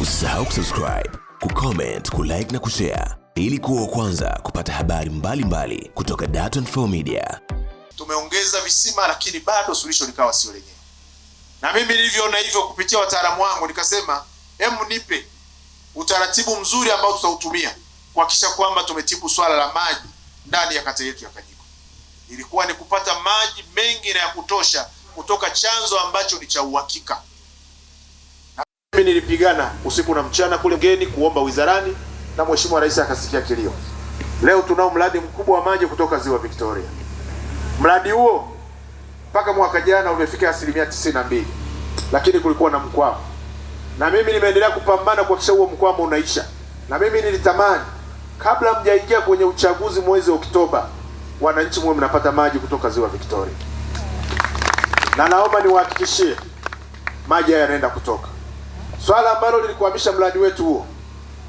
Usisahau kusubscribe, kucomment, kulike na kushare ili kuwa kwanza kupata habari mbalimbali mbali kutoka Dar24 Media. Tumeongeza visima lakini bado suluhisho likawa sio lenyewe, na mimi nilivyoona hivyo kupitia wataalamu wangu nikasema, hemu nipe utaratibu mzuri ambao tutautumia kuhakikisha kwamba tumetibu swala la maji ndani ya kata yetu ya Kajiko. Ilikuwa ni kupata maji mengi na ya kutosha kutoka chanzo ambacho ni cha uhakika. Mimi nilipigana usiku na mchana kule geni kuomba wizarani na Mheshimiwa Rais akasikia kilio. Leo tunao mradi mkubwa wa maji kutoka Ziwa Victoria. Mradi huo mpaka mwaka jana umefika asilimia tisini na mbili, lakini kulikuwa na mkwamo, na mimi nimeendelea kupambana kuhakikisha huo mkwamo unaisha. Na mimi nilitamani kabla mjaingia kwenye uchaguzi mwezi Oktoba, wananchi mwe mnapata maji kutoka Ziwa Victoria, na naomba niwahakikishie maji haya yanaenda kutoka Swala ambalo lilikuhamisha mradi wetu huo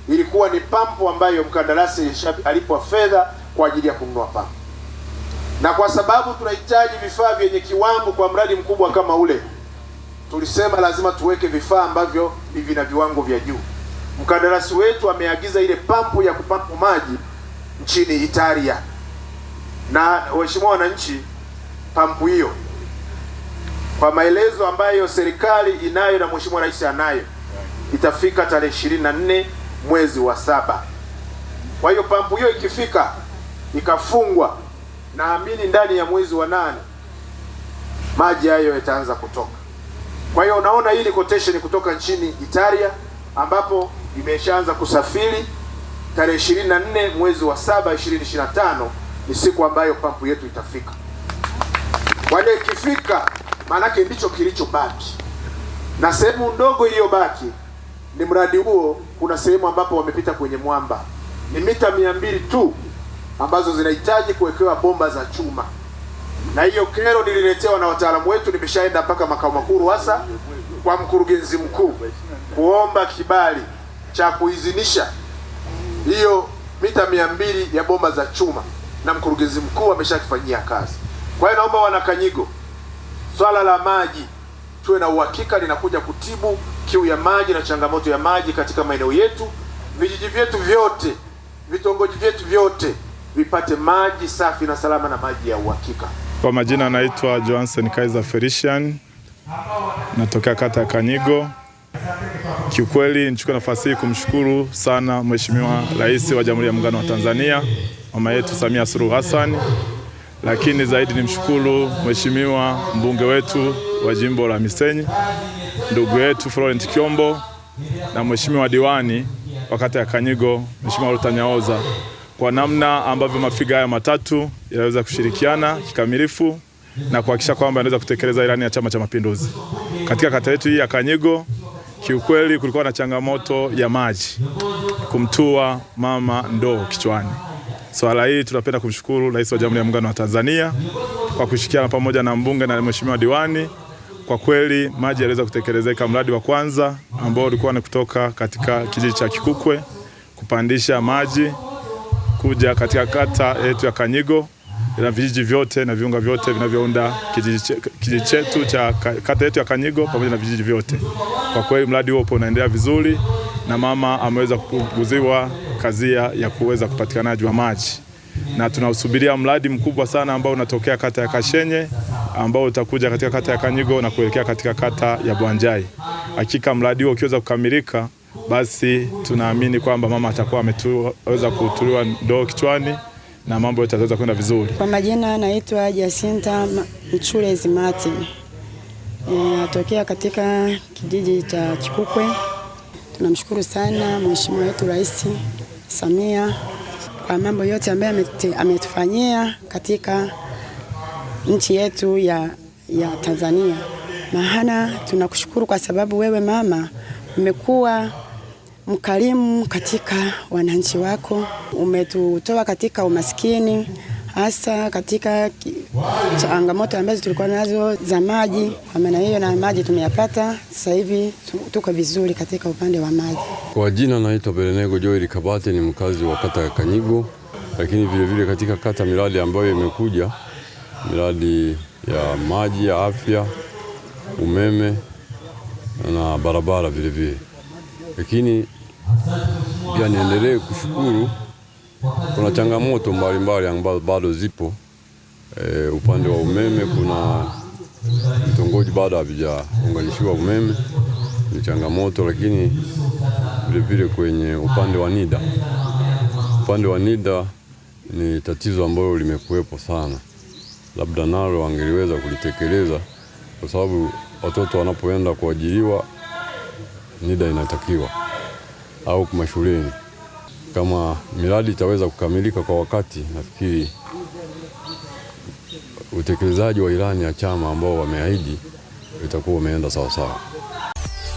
ilikuwa ni pampu ambayo mkandarasi alipwa fedha kwa ajili ya kununua pampu, na kwa sababu tunahitaji vifaa vyenye kiwango kwa mradi mkubwa kama ule, tulisema lazima tuweke vifaa ambavyo vina viwango vya juu. Mkandarasi wetu ameagiza ile pampu ya kupampu maji nchini Italia, na waheshimiwa wananchi, pampu hiyo kwa maelezo ambayo serikali inayo na mheshimiwa rais anayo itafika tarehe ishirini na nne mwezi wa saba. Kwa hiyo pampu hiyo ikifika ikafungwa, naamini ndani ya mwezi wa nane maji hayo yataanza kutoka. Kwa hiyo unaona hii quotation kutoka nchini Italia ambapo imeshaanza kusafiri. Tarehe ishirini na nne mwezi wa saba 2025 ni siku ambayo pampu yetu itafika. hiyo ikifika, maanake ndicho kilichobaki na sehemu ndogo iliyobaki ni mradi huo kuna sehemu ambapo wamepita kwenye mwamba, ni mita mia mbili tu ambazo zinahitaji kuwekewa bomba za chuma, na hiyo kero nililetewa na wataalamu wetu. Nimeshaenda mpaka makao makuu hasa kwa mkurugenzi mkuu kuomba kibali cha kuidhinisha hiyo mita mia mbili ya bomba za chuma, na mkurugenzi mkuu ameshakifanyia kazi. Kwa hiyo naomba wanakanyigo, swala la maji tuwe na uhakika linakuja kutibu kiu ya maji na changamoto ya maji katika maeneo yetu. Vijiji vyetu vyote, vitongoji vyetu vyote vipate maji safi na salama na maji ya uhakika. Kwa majina anaitwa Johansen Kaiser Felician, natokea kata ya Kanyigo. Kiukweli nichukue nafasi hii kumshukuru sana Mheshimiwa Rais wa Jamhuri ya Muungano wa Tanzania, mama yetu Samia Suluhu Hassan lakini zaidi ni mshukuru mheshimiwa mbunge wetu wa jimbo la Misenyi ndugu yetu Florent Kiombo na mheshimiwa diwani wa kata ya Kanyigo mheshimiwa Rutanyaoza Nyaoza kwa namna ambavyo mafiga haya matatu yanaweza kushirikiana kikamilifu na kuhakikisha kwamba yanaweza kutekeleza ilani ya Chama cha Mapinduzi katika kata yetu hii ya Kanyigo. Kiukweli kulikuwa na changamoto ya maji kumtua mama ndoo kichwani. Swala hili tunapenda kumshukuru Rais wa Jamhuri ya Muungano wa Tanzania kwa kushirikiana pamoja na mbunge na mheshimiwa diwani. Kwa kweli maji yaliweza kutekelezeka, mradi wa kwanza ambao ulikuwa ni kutoka katika kijiji cha Kikukwe kupandisha maji kuja katika kata yetu ya Kanyigo na vijiji vyote na viunga vyote vinavyounda kijiji chetu cha kata yetu ya Kanyigo pamoja na vijiji vyote. Kwa kweli mradi huo upo unaendelea vizuri na mama ameweza kupunguziwa kazia ya kuweza kupatikanaji wa maji, na tunasubiria mradi mkubwa sana ambao unatokea kata ya Kashenye ambao utakuja katika kata ya Kanyigo na kuelekea katika kata ya Bwanjai. Hakika mradi huo ukiweza kukamilika, basi tunaamini kwamba mama atakuwa ameweza kutuliwa ndoo kichwani na mambo yote yataweza kwenda vizuri. Kwa majina naitwa Jacinta Mchulezi Martin, e, natokea katika kijiji cha Chikukwe. Tunamshukuru sana Mheshimiwa wetu Rais Samia kwa mambo yote ambayo ametufanyia katika nchi yetu ya, ya Tanzania. Maana tunakushukuru kwa sababu wewe mama umekuwa mkarimu katika wananchi wako, umetutoa katika umaskini hasa katika Changamoto so, ambazo tulikuwa nazo za maji, kwa maana hiyo na maji tumeyapata. Sasa hivi tuko vizuri katika upande wa maji. Kwa jina naitwa Belenego Joel Kabate, ni mkazi wa kata ya Kanyigo, lakini vilevile katika kata miradi ambayo imekuja miradi ya maji ya afya, umeme na barabara vilevile, lakini pia niendelee kushukuru. Kuna changamoto mbalimbali ambazo bado zipo e, upande wa umeme kuna vitongoji bado havijaunganishiwa umeme, ni changamoto, lakini vilevile kwenye upande wa NIDA, upande wa NIDA ni tatizo ambalo limekuwepo sana, labda nalo angeliweza kulitekeleza, kwa sababu watoto wanapoenda kuajiriwa NIDA inatakiwa au mashuleni. Kama miradi itaweza kukamilika kwa wakati, nafikiri utekelezaji wa ilani ya chama ambao wameahidi itakuwa umeenda sawasawa.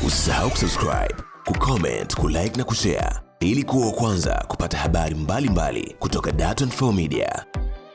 Usisahau kusubscribe, kucomment, kulike na kushare ili kuwa wa kwanza kupata habari mbalimbali mbali kutoka Dar24 Media.